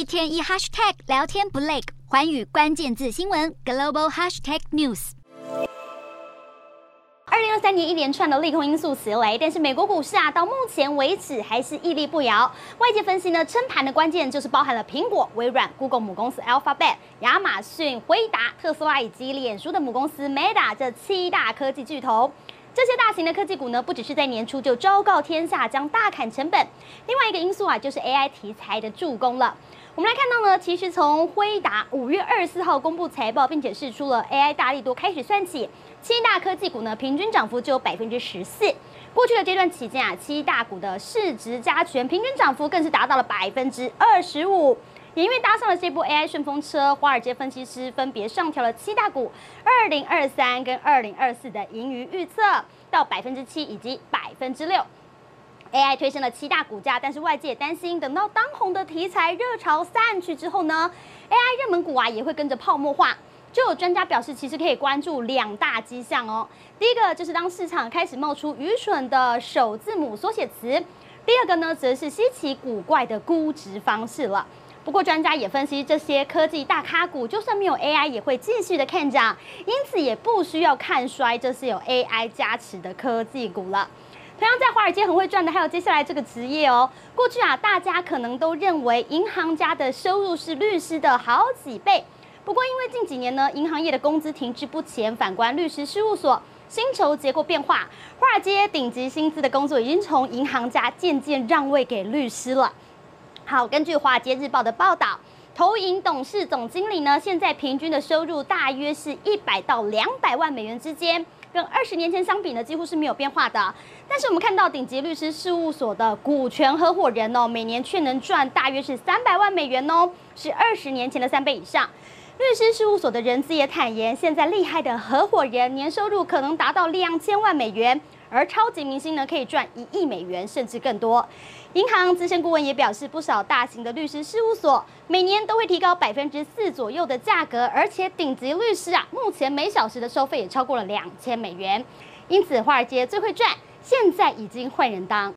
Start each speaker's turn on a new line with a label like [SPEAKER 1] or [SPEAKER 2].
[SPEAKER 1] 一天一 hashtag 聊天不累，寰宇關鍵字新聞 global hashtag news。二零二三年一連串的利空因素襲來，但是美國股市啊，到目前為止還是屹立不搖。外界分析呢，撐盤的關鍵就是包含了蘋果、微軟、Google 母公司 Alphabet、亞馬遜、輝達、特斯拉以及臉書的母公司 Meta 這七大科技巨頭。這些大型的科技股呢，不只是在年初就昭告天下將大砍成本，另外一個因素啊，就是 AI 題材的助攻了。我們來看到呢，其實從輝達五月二十四號公布財報，並且釋出了 AI 大力度開始算起，七大科技股呢，平均漲幅就有百分之十四。過去的這段期間啊，七大股的市值加權平均漲幅更是達到了百分之二十五。也因為搭上了這部 AI 順風車，華爾街分析師分別上調了七大股2023跟2024的盈餘預測到百分之七以及百分之六。AI 推升了七大股價，但是外界也擔心，等到當紅的題材熱潮散去之後呢，AI 熱門股啊也會跟着泡沫化。就有專家表示，其實可以關注兩大跡象哦。第一個就是當市場開始冒出愚蠢的首字母縮寫詞，第二個呢，則是稀奇古怪的估值方式了。不過專家也分析，這些科技大咖股就算沒有 AI 也會繼續的看漲，因此也不需要看衰，這是有 AI 加持的科技股了。同樣在華爾街很會賺的，還有接下來這個職業哦。過去啊，大家可能都認為銀行家的收入是律師的好幾倍。不過因為近幾年呢，銀行業的工資停滯不前，反觀律師事務所薪酬結構變化，華爾街頂級薪資的工作已經從銀行家漸漸讓位給律師了。好，根據華爾街日報的報道，投行董事總經理呢，現在平均的收入大約是一百到兩百萬美元之間，跟二十年前相比呢，幾乎是沒有變化的。但是我們看到頂級律師事務所的股權合夥人哦、喔，每年卻能賺大約是三百萬美元哦、喔，是二十年前的三倍以上。律師事務所的人資也坦言，現在厲害的合夥人年收入可能達到兩千萬美元，而超級明星呢，可以賺一億美元甚至更多。銀行資深顧問也表示，不少大型的律師事務所每年都會提高百分之四左右的價格，而且頂級律師啊，目前每小時的收費也超過了兩千美元。因此，華爾街最會賺，現在已經換人當。